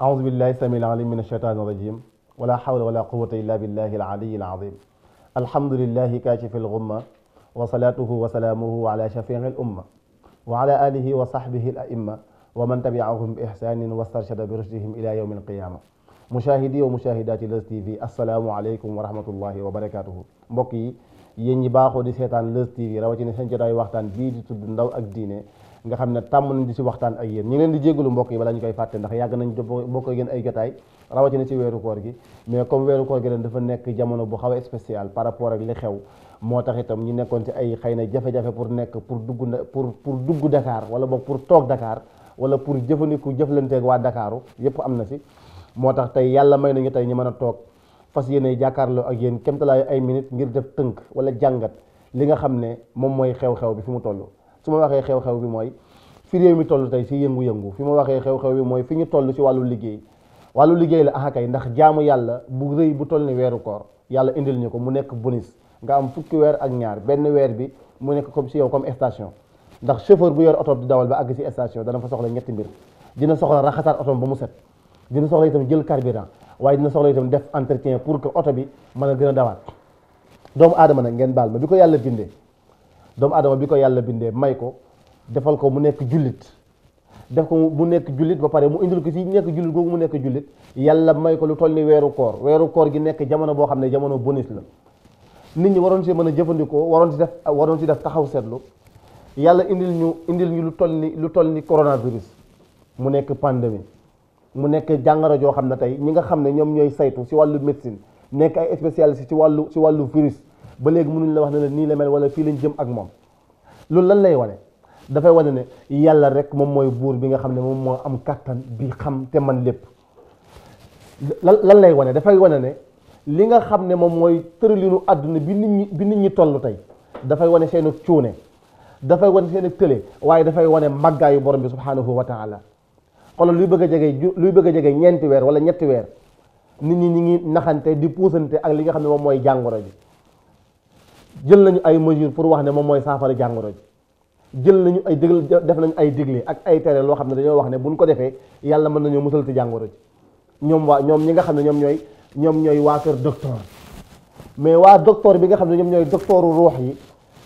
أعوذ بالله السميع العليم من الشيطان الرجيم ولا حول ولا قوة إلا بالله العلي العظيم الحمد لله كاشف الغمة وصلاته وسلامه على شفيع الأمة وعلى آله وصحبه الأئمة ومن تبعهم بإحسان واسترشد برشدهم إلى يوم القيامة مشاهدي ومشاهداتي لز تي في السلام عليكم ورحمة الله وبركاته mbokk yi yéen ñi baaxoo di seetaan lës TV rawatina seen jotaay waxtaan bii di tudd ndaw ak diine nga xam ne tàmm nañ di si waxtaan ak yéen ñu ngi di jégalu mbokk yi balaa ñu koy fàtte ndax yàgg nañ bokk ak yéen ay jotaay rawatina ci weeru koor gi mais comme weeru koor gi leen dafa nekk jamono bu xaw a spécial par rapport ak li xew moo tax itam ñu nekkoon ci ay xëy na jafe-jafe pour nekk pour dugg pour pour dugg dakaar wala boog pour toog Dakar wala pour jëfandiku jëflanteeg waa Dakaaru yëpp am na si moo tax tey yàlla may nañu tey ñu mën a toog fas yéene jàkkaarloo ak yéen kémtalaayu ay minutes ngir def tënk wala jàngat li nga xam ne moom mooy xew-xew bi fi mu toll su ma waxee xew-xew bi mooy fi réew mi toll tey si yëngu-yëngu fi ma waxee xew-xew bi mooy fi ñu toll si wàllu liggéey wàllu liggéey la axakay ndax jaamu yàlla bu rëy bu toll ni weeru koor yàlla indil ñu ko mu nekk bonus nga am fukki weer ak ñaar benn weer bi mu nekk comme si yow comme station ndax chauffeur bu yor oto di dawal ba àgg si station dana fa soxla ñetti mbir dina soxla raxasaat oto ba mu set dina soxla itam jël carburant waaye dina soxla itam def entretien pour oto bi mën a gën a dawaat doomu aadama nag ngeen baal ma bi ko yàlla bindee doomu aadama bi ko yàlla bindee may ko defal ko mu nekk jullit def ko mu nekk jullit ba pare mu indil ko ci nekk jullit googu mu nekk jullit yàlla may ko lu toll ni weeru koor weeru koor gi nekk jamono boo xam ne jamono bonis la nit ñi waroon ci mën a jëfandikoo waroon ci def waroon si def taxaw seetlu yàlla indil ñu indil ñu lu toll ni lu toll ni coronavirus mu nekk pandémie mu nekk jàngoro joo xam ne tey ñi nga xam ne ñoom ñooy saytu ci wàllu médecine nekk ay ci wàllu ci wàllu virus ba léegi mënuñ la wax ne nii la mel wala fii lañ jëm ak moom loolu lan lay wane dafay wane ne yàlla rek moom mooy buur bi nga xam ne moom moo am kàttan bi xam te man lépp lan lan lay wane dafay wane ne li nga xam ne moom mooy tëralinu àdduna bi nit ñi bi nit ñi toll tey dafay wane seen cuune dafay wane seen tële waaye dafay wane màggaayu borom bi subhanahu wa taala xoolal luy bëgg a jege luy bëgg a jege ñeenti weer wala ñetti weer nit ñi ñi ngi naxante di puusante ak li nga xam ne moom mooy jàngoro ji jël nañu ay mesures pour wax ne moom mooy saafara jàngoro ji jël nañu ay digle def nañu ay digle ak ay tere loo xam ne dañoo wax ne bu buñ ko defee yàlla mën nañoo musal ci jàngoro ji ñoom waa ñoom ñi nga xam ne ñoom ñooy ñoom ñooy waa kër docteur mais waa docteur bi nga xam ne ñoom ñooy docteur ruux yi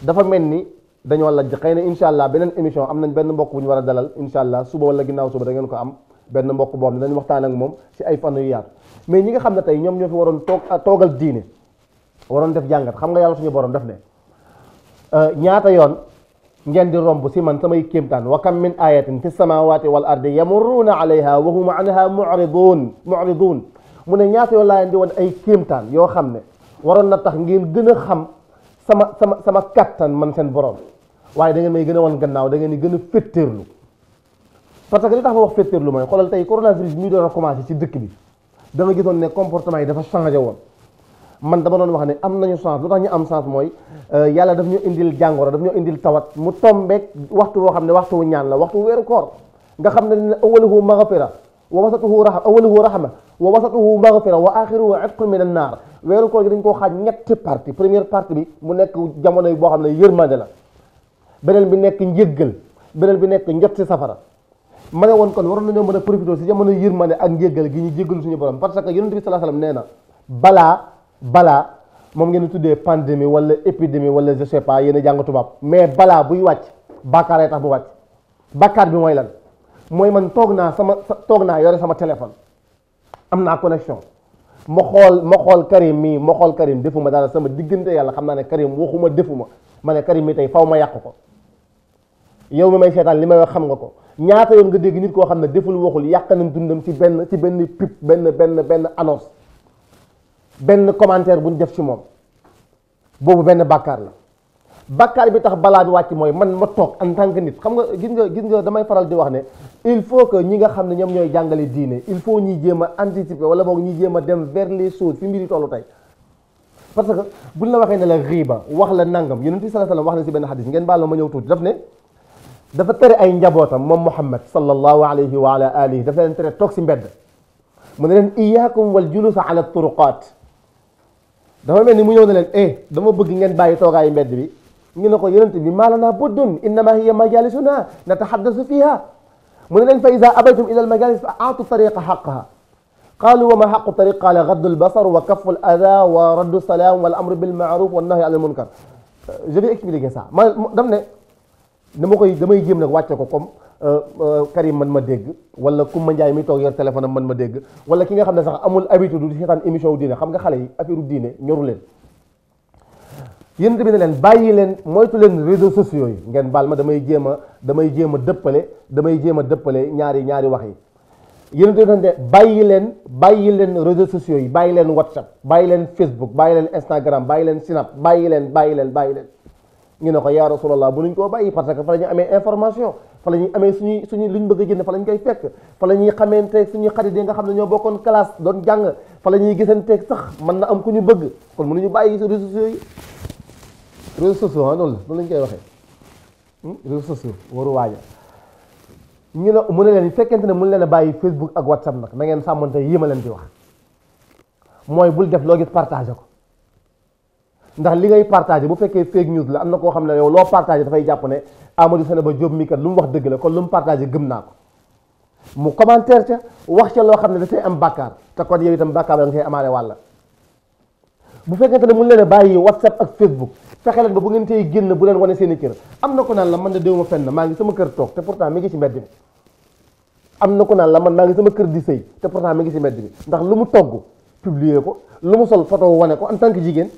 dafa mel ni dañoo lajj xëy na incha allah beneen émission am nañ benn mbokk bu ñu war a dalal incha allah suba wala ginnaaw suba da ngeen ko am benn mbokk boo xam ne dañu waxtaan ak moom ci ay fan yu yaatu mais ñi nga xam ne tey ñoom ñoo fi waroon toog toogal diine waroon def jàngat xam nga yàlla suñu borom def ne euh, ñaata yoon ngeen di romb si man samay kéemtaan wa kam min ayatin fi samawati wal ardi yamurruuna alayha wa hum anha muridun muridun mu ne ñaata yoon laa leen di woon ay kéemtaan yoo xam ne waroon na tax ngeen gën a xam sama sama sama kattan man seen borom waaye da ngeen may gën a wan gannaaw da ngeen di gën a féttéerlu parce que li tax ma wax féttéerlu mooy xoolal tey coronavirus bi muy doon a commencé si dëkk bi da nga gisoon ne yi dafa changé woon man dama doon wax ne am nañu chance lu tax ñu am chance mooy euh, yàlla daf ñu indil jàngoro daf ñu indil tawat mu tombeek waxtu woo xam ne waxtu wu ñaan la waxtu weeru koor nga xam ne ne awaluhu maghfira wa wasatuhu rahma awaluhu rahma wa wasatuhu maghfira wa axiruhu itqun min annaar weeru koor gi dañ koo xaaj ñetti partie première partie bi mu nekk jamono boo xam ne yërmande la beneen bi nekk njëggal beneen bi nekk njot si safara ma ne woon kon waroon nañoo mën a profité si jamono yërmande ak njëggal gi ñu jéggalu suñu borom parce que yonent bi nee na balaa moom ngeen tuddee pandémie wala épidémie wala je sais pas yéen a jàng tubaab mais balaa buy wàcc bàkkaaree tax bu wàcc bàkkaar bi mooy lan mooy man toog naa sama toog naa yore sama téléphone am naa connexion ma xool ma xool Karim mii ma xool Karim defuma daal sama diggante yàlla xam naa ne Karim waxuma defuma ma ne Karim mii tey faw ma yàq ko yow mi may seetaan li may wax xam nga ko ñaata yoon nga dégg nit koo xam ne deful waxul yàq nañ dundam ci benn ci benn pub benn benn benn annonce benn commentaire bu ñu def ci moom boobu benn bàkkaar la bàkkaar bi tax balaa bi wàcc mooy man ma toog en tant nit xam nga gis nga gis nga damay faral di wax ne il faut que ñi nga xam ne ñoom ñooy jàngale diine il faut ñuy jéem a anticiper wala boog ñuy jéem a dem vers les choses fi mbiri tollu tey parce que buñ la waxee ne la riba wax la nangam yonent bi sallallahu alayhi wax na si benn xadis ngeen baal ma ma ñëw tuuti daf ne dafa tere ay njabootam moom Muhammad sallallahu alayhi wa ala alihi dafa leen tere toog si mbedd mu ne leen iyaakum wal julusa dafa mel ni mu ñëw ne leen eh dama bëgg ngeen bàyyi toogaayu mbedd bi ñu ne ko yonent bi maa lanaa buddun innamaa hiya majaalisuuna natahaddasu fiihaa mu ne leen fa izaa abaytum ilal majaalis fa aatu tariqa haqqahaa qaalu wa maa haqqu tariq qaala gaddul basar wa kafful adaa wa raddu salaam wal amru bil ma'ruuf wan nahyu anil munkar je vais expliquer ça ma dam ne dama koy damay jéem nag wàcce ko comme Euh, euh, Karim man ma dégg wala ma Njaay mi toog yor téléphone am man ma dégg wala ki nga xam ne sax amul habitude du seetaan émission wu diine xam nga xale yi affaire diine ñoru leen yéen bi ne leen bàyyi leen moytu leen réseaux sociaux yi ngeen baal ma damay jéem a damay jéem a dëppale damay jéem a dëppale ñaari ñaari wax yi yéen bi ne bàyyi leen bàyyi leen réseaux sociaux yi bàyyi leen whatsapp bàyyi leen facebook bàyyi leen instagram bàyyi leen snap bàyyi leen bàyyi leen bàyyi leen ñu ne ko yaa rasulallah bu nuñ koo bàyyi yi que fa la ñu amee information fa la ñuy amee suñu suñuy ñu bëgg a jënd fa la ñu koy fekk fa la ñuy xamante suñuy xarit yi nga xam ne ñoo bokkoon classe doon jàng fa la ñuy gisanteeg sax man na am ku ñu bëgg kon mënuñu bàyyi réseaux sociaux yi réseaux sociaux ah noonu la noonu lañ koy waxee hmm? réseaux sociaux waru waaja ñu ne mu ne leen fekkente ne mun leen bàyyi Facebook ak WhatsApp nag na ngeen sàmmante yi ma leen di wax mooy bul def loo gis partagé ko ndax li ngay partagé bu fekkee fake news la am na koo xam ne yow loo partagé dafay jàpp ne Amadou Sene ba Diop mi mu wax dëgg la kon lu mu partagé gëm naa ko mu commentaire ca wax ca loo xam ne dafay am bàkkaar te kon yow itam bàkkaar da nga koy amaale wàlla bu fekkente ne mun leen a bàyyi whatsapp ak facebook fexe leen ba bu ngeen tey génn bu leen wane seen i kër am na ko naan la man de déw ma fenn maa ngi sama kër toog te pourtant mi ngi ci mbedd am na ko naan la man maa ngi sama kër di sëy te pourtant mi ngi si mbedd bi ndax lu mu togg publier ko lu mu sol photo wane ko en tant jigéen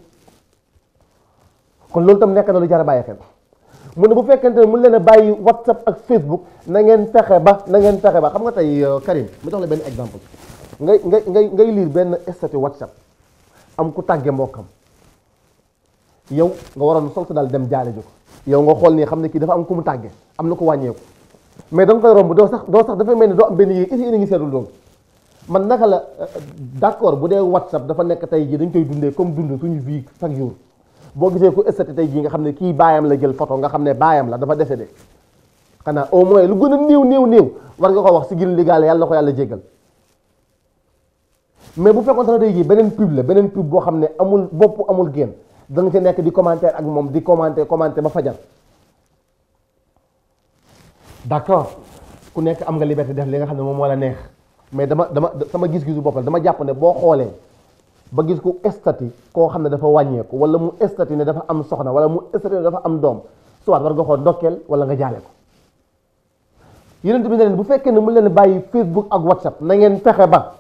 kon loolu tam nekk na lu jar a bàyyi xel mu ne bu fekkente ne mun leen a bàyyi whatsapp ak facebook na ngeen fexe ba na ngeen fexe ba xam nga tey euh, Karim mu jox la benn exemple ngay ngay ngay ngay lire benn statut whatsapp am ku tàgge mbokkam yow nga waroon sol sa daal dem jaale ji ko yow nga xool nii xam ne kii dafa am ku mu tàgge am na ko wàññeeku mais da nga koy romb doo sax doo sax dafa mel ni doo am benn yéeg is yéen ngi seetlu loolu man naka la euh, d' accord bu dee whatsapp dafa nekk tey jii dañ koy dundee comme dund suñu vie chaque jour boo gisee ku ëstati tey jii nga xam ne kii baayam la jël photo nga xam ne baayam la dafa de xanaa au moins lu gën a néew néew néew war nga ko wax si gil ligaale yàlla ko yàlla jégal mais bu fekkoon sax tey beneen pub la beneen pub boo xam ne amul bopp amul génn da nga ci nekk di commentaire ak moom di commenter commenter ba fajar d'accord ku nekk am nga liberté def li nga xam ne moom moo la neex mais dama dama sama gis-gisu boppal dama jàpp ne boo xoolee ba gis ku estati koo xam ne dafa wàññeeku wala mu estati ne dafa am soxna wala mu estati ne dafa am doom soit war nga koo dokkeel wala nga jaale ko yonent bi ne leen bu fekkee ne mu leen bàyyi Facebook ak WhatsApp na ngeen fexe ba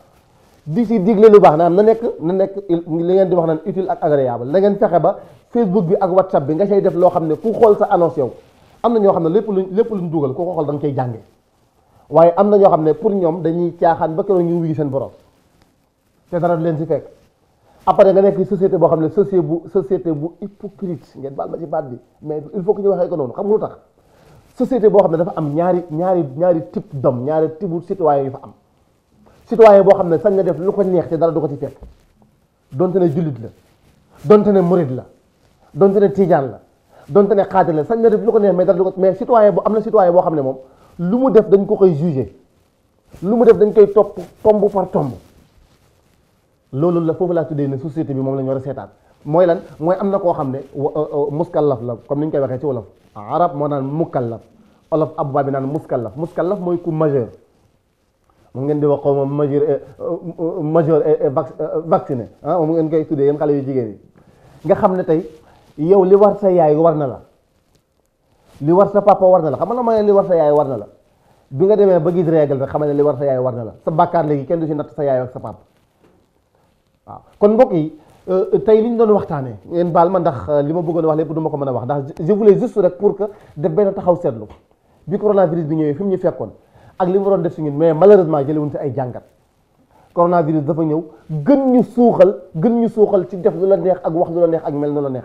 di si digle lu baax naan na nekk na nekk li di wax naan utile ak agréable na ngeen fexe ba Facebook bi ak WhatsApp bi nga cay def loo xam ne ku xool sa annonce yow am na ñoo xam ne lépp lu lépp luñ dugal ku ko xool da nga jànge waaye am na ñoo xam ne pour ñoom dañuy caaxaan ba keroog ñu wuyu seen borom te dara leen si fekk. après nga nekk société boo xam ne société bu société hypocrite ngeen baal ma ci baat bi mais il faut que ñu waxee ko noonu xam nga boo xam ne dafa am ñaari ñaari ñaari type d'homme ñaari type bu citoyen yu fa boo xam ne sañ na def lu ko neex te dara du ko ci fekk donte ne jullit la donte ne murid la donte ne tiijaan la donte ne xaadir la sañ ne def lu ko neex mais dara du ko mais citoyen bu am na citoyen boo xam ne moom lu mu def dañ ko koy jugé lu mu def dañ koy topp tomb par tomb loolu la foofu laa tuddee ne société bi moom la war a seetaat mooy lan mooy am na koo xam ne euh, euh, muskallaf la comme ni ñu koy waxee ci wolof arab moo naan mukallaf olof abba bi naan muskallaf muskallaf mooy ku majeur moom ngeen di wax xaw ma majeur euh, majeur vacciné ah moom ngeen koy tuddee yéen xale yu jigéen yi nga xam ne tey yow li war sa yaay war na la li war sa papa war na la xam nga mooy li war sa yaay war na la bi nga demee ba gis règle bi xamal ne li war war na la sa bàkkaar léegi kenn du si natt sa yaay sa papa waaw kon mbokk yi euh, tey li ñu doon waxtaanee ngeen baal ma ndax euh, li ma bëggoon wax lépp du ma ko mën a wax ndax je voulais juste rek pour que def benn taxaw seetlu bi coronavirus bi ñëwee fi mu ñu fekkoon ak li mu doon def si ñun mais malheureusement jëlewuñ si ay jàngat coronavirus dafa ñëw gën ñu suuxal gën ñu suuxal ci def lu la neex ak wax lu la neex ak mel lu la neex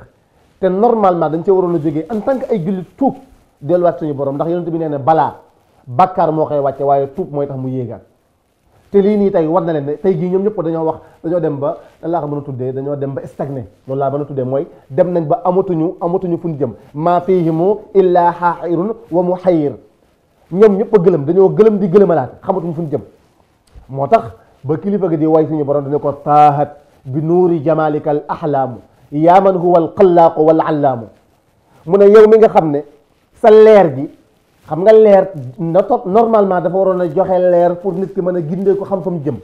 te normalement dañ cee waroon a jógee en tant que ay jullit tuub delluwaat suñu borom ndax yonent bi nee ne balaa bàkkaar moo koy wàcce waaye tuub mooy tax mu yéegaat te lii nii tey war na leen ne tey jii ñoom ñëpp dañoo wax dañoo dem ba lan laa tuddee dañoo dem ba stagné loolu laa mën a mooy dem nañ ba amatuñu amatuñu fu ñu jëm maa fihimu illa xaaxirun wa mu xayir ñoom ñëpp a gëlëm dañoo gëlëm di gëlëmalaat xamatuñu fu ñu jëm moo tax ba kilifa gi di way suñu borom dañu ko taahat bi nuuri jamalika al ahlaamu yaa man huwa al xallaaqu wal allaamu mu ne yow mi nga xam ne sa leer gi xam nga leer na normalement dafa waroon a joxe leer pour nit ki mën a gindee ko xam fa mu jëm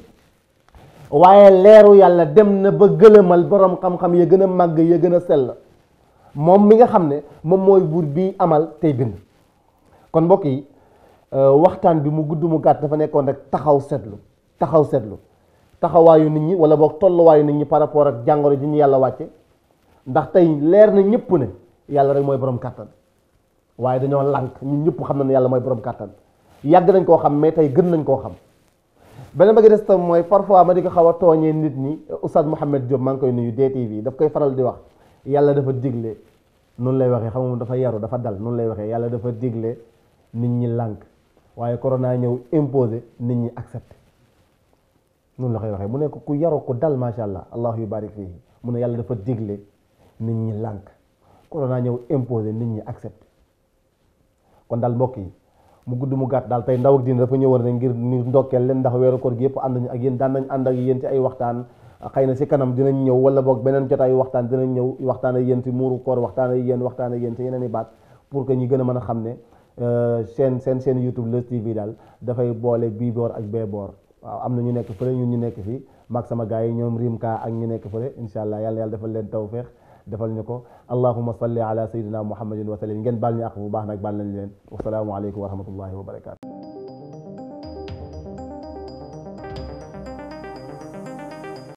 waaye leeru yàlla dem na ba gëlëmal borom xam-xam ya gën a màgg ya gën a sell moom mi nga xam ne moom mooy buur bi amal tey bind kon mbokk yi euh, waxtaan bi mu gudd mu gàtt dafa nekkoon rek taxaw seetlu taxaw seetlu taxawaayu nit ñi wala boog tolluwaayu nit ñi par rapport ak jàngoro ji ñu yàlla wàcce ndax tey leer na ñëpp ne yàlla rek mooy borom kàttan waaye dañoo lànk ñu ñëpp xam na ne yàlla mooy borom kàttan yàgg nañ koo xam mais tey gën nañ koo xam beneen ba gi des tam mooy parfois ma di ko xaw a tooñee nit ñi Oustaz Mouhamed Diop maa ngi koy nuyu DTV daf koy faral di wax yàlla dafa digle noonu lay waxee xam nga dafa yaru dafa dal noonu lay waxee yàlla dafa digle nit ñi lànk waaye corona ñëw imposé nit ñi accepté noonu la waxee mu ne ku yaru ku dal macha allah allahu yubarik fihi mu ne yàlla dafa digle nit ñi lànk corona ñëw imposé nit ñi accepté kon daal mbokk yi mu gudd mu gàtt daal tey ndaw ak dafa ñëwoon rek ngir ni ndokkeel leen ndax weeru koor gi yëpp ànd nañu ak yéen daan nañ ànd ak yéen ci waxtaan xëy na si kanam dinañ ñëw wala boog beneen jotaayu waxtaan dinañ ñëw waxtaan ak yéen ci muuru koor waxtaan ak yéen waxtaan ak yéen ci yeneen i baat pour que ñi gën a man a xam ne euh, seen seen seen YouTube Leuz TV daal dafay boole bii boor ak bee boor waaw am na ñu nekk fële ñun ñu nekk fii maag sama gars yi ñoom Rimka ak ñu nekk fële incha allah yàlla yàlla defal leen tawfeex defal ñu ko allahuma salli ala sayyidina muhammadin wa sallim ngeen baal ñu àq bu baax nag baal nañ leen wasalaamu aleykum wa rahmatullahi wa barakatu